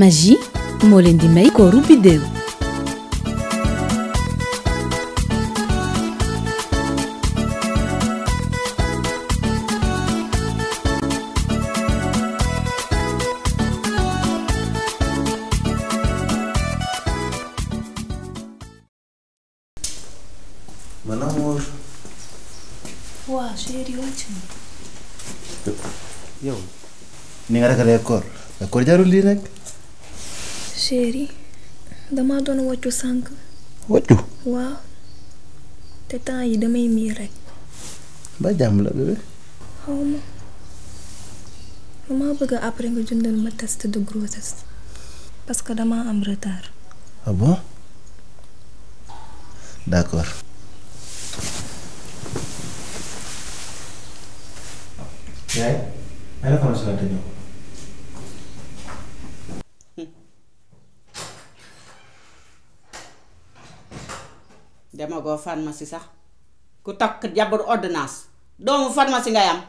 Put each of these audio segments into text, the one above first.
magie moo leen di may kooru ni nga rek a koor koor jarul lii chéri damaa doon wàccu sànq. wàccu. waaw te temps yi damay mii rek. ba jàmm la bébé. xaw ma damaa bëgg après nga jëndal ma test de grossesse parce que damaa am retard. ah bon toogoo pharmacie sax ku takk jabaru ordonnance doomu pharmacie ngay am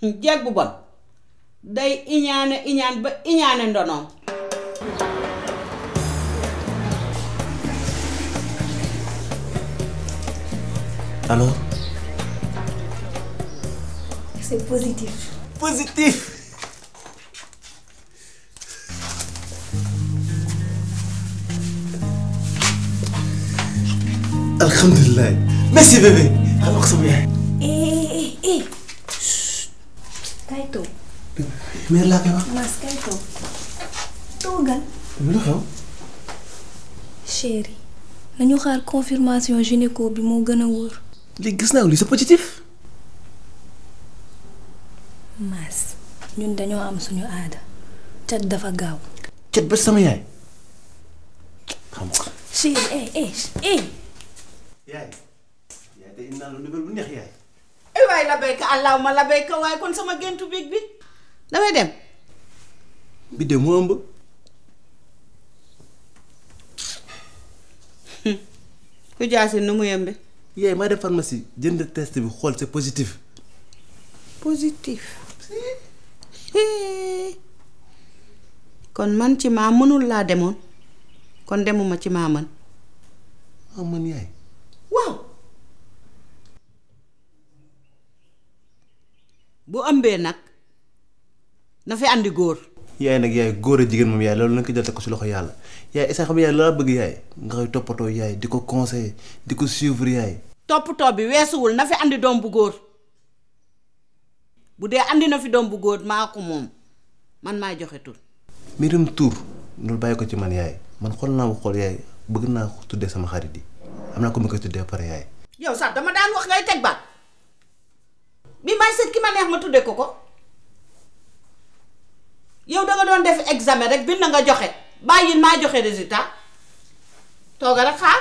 jeeg bu bon day iñaane iñaan ba iñaane ndonoom alors positif positif alhamdulilah merci bébé xam nga ko sama yaay. Eh, eh, eh. kay toog. xew. chéri nañu xaar confirmation gynéco bi moo gën a wóor. léegi gis naa lii c'est positif. Mass ñun dañoo am suñu aada. cat dafa gaaw. cat ba sama yaay. yaay yaay tey indi la nouvelle bu neex yaay. ay eh waay labayka allahumma labayka waaye kon sama géntu biig bi damay dem. bi de mu ëmb. ku jaasin nu mu yëmbe. yaay maa def pharmacie jënd test bi xool c'est positif. positif. kon man ci maa mënul laa demoon kon demuma ci maa mën. ah man yaay. bu ëmbee nag na fi àndi góor. yaay nag yaay góor a jigéen moom yaay loolu na ko jël ko si loxo yàlla yaay isa xam yaay laa bëgg yaay nga koy toppatoo yaay di ko conseiller di ko suivre yaay. toppatoo bi weesuwul na fi àndi doom bu góor bu dee àndi na fi doom bu góor maa ko moom man maa joxe tur. mbirum tur loolu bàyyi ko ci man yaay man xool naa ko xool yaay bëgg naa ko tuddee sama xarit yi am naa ko mu koy tuddee pare yaay. yow sax dama daan wax bi may seet ki ma neex ma tudde ko ko yow da doon def examen rek bind na nga joxe bàyyil maa joxe résultat tooga rek xaar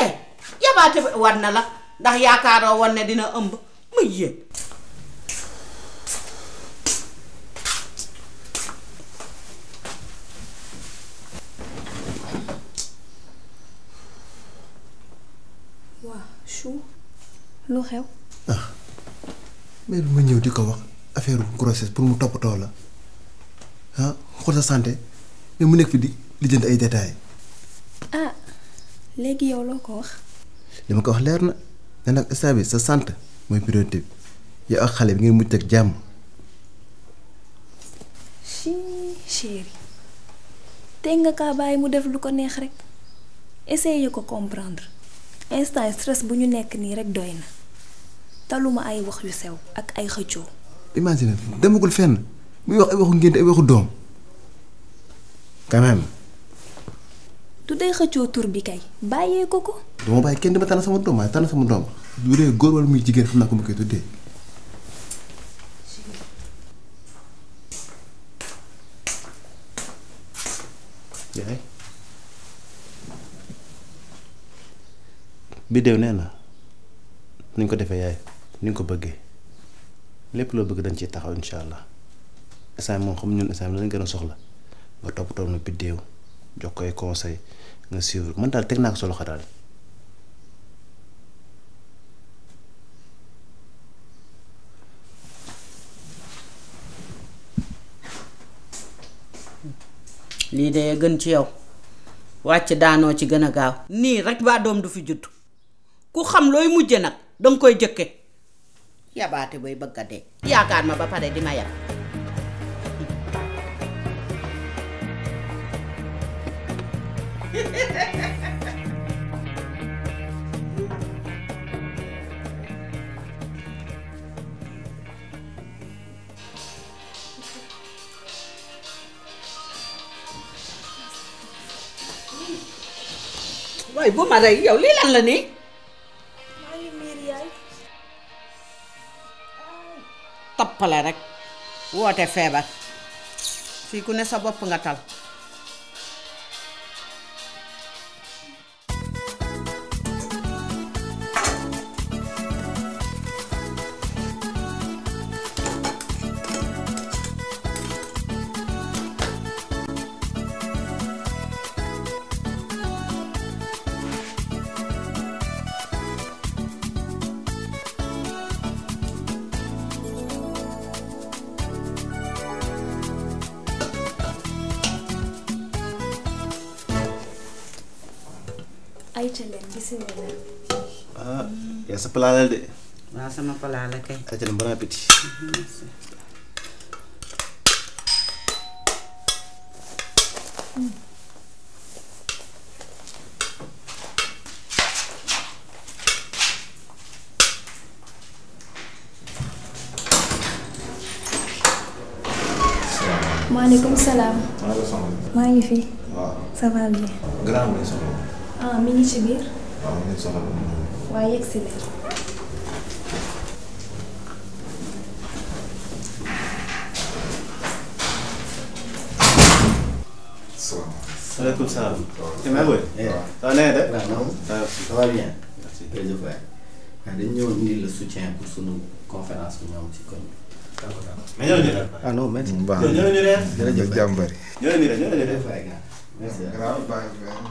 eh yabaate war na la ndax yaakaaroo woon ne dina ëmb muy yéen waa chou lu xew ah. mais du ma ñëw di ko wax affaire grossesse pour mu toppatoo la ah xool sa santé mais mu nekk fi di lijjanti ay détails. ah léegi yow loo ko wax. li ma ko wax leer na ne nag instant sa sant mooy priorité bi yow ak xale bi ngeen mujj ak jàmm. chii chéri te nga kaa mu def lu ko neex rek essayer ko comprendre instant stress bu ñu nekk nii rek doy na. taluma ay wax yu sew ak ay xëccoo. imagine demagul fenn muy wax ay waxu ngénte ay waxu doom quand même. du day xëccoo tur bi kay bàyyee ko ko. dama bàyyi kenn dama tànn sama doom waaye tànn sama doom bu dee góor wala muy jigéen xam naa ko ma koy tuddee. yaay biddew nee na nuñ ko defee yaay. ni nga ko bëggee lépp loo bëgg dañ ciy taxaw incha allah instant moom xam ñun instant lañ gën a soxla nga toppatoo na biddéew jox koy conseil nga suivre man daal teg naa ko sa loxo daal. lii de gën ci yow wàcc daanoo ci gën a gaaw. nii rek baa doom du fi judd ku xam looy mujje nag danga koy jëkke yabaate bay bëgg a yaakaar ma ba pare di ma yab waaye bu ma rey yow lii lan la nii tappale rek woote feebar fii ku ne sa bopp nga tal ayca sama palaa la kay. ayca leen bon appétit. maaleykum maa ngi fi. waaw ah. ça ah mi ngi ci biir. waaw mi ngi soxla ko. waaye yegg si leen. salaamaaleykum salaam. waaw waaw na nga def. waaw ça va bien. merci jërëjëf waay. waaw dañu ñëwoon indi le soutien pour sunu conférence bi ñu am ci koñ bi. d' accord ah non merci. ñu ñu jàmbari. ñu ñu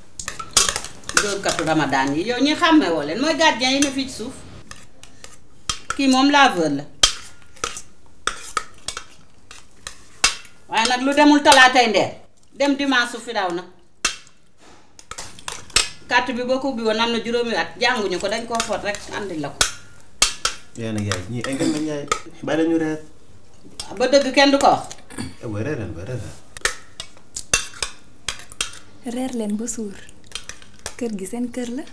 dóorkatu ramadaan yi yow ñi xàmme woo leen mooy gardien yi ne fii suuf kii moom laveur la waaye nag lu demul talaatay ndeer dem dimanche su fi daaw na carte bi boo ko ubbi woon am na juróomi at jànguñu ko dañ koo fot rek andi la ko. yaa nag yaay ñii ay gën nañ yaay lañu reer. Ah, ba dëgg kenn du ko eh, reer leen. reer leen ba suur. kër gi seen kër la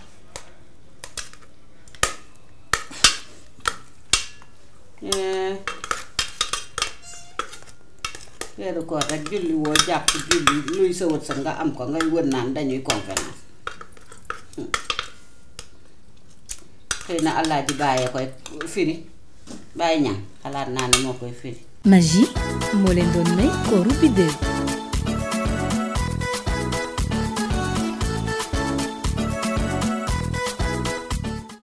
eh. weeru koor rek julli woo jàpp julli luy sa wërsëg nga am ko ngay wër naan dañuy conférence hmm. xëy na allah ji bàyyee koy firi bàyyi ñaan xalaat naa moo koy firi magie moo leen doon may kooru biddew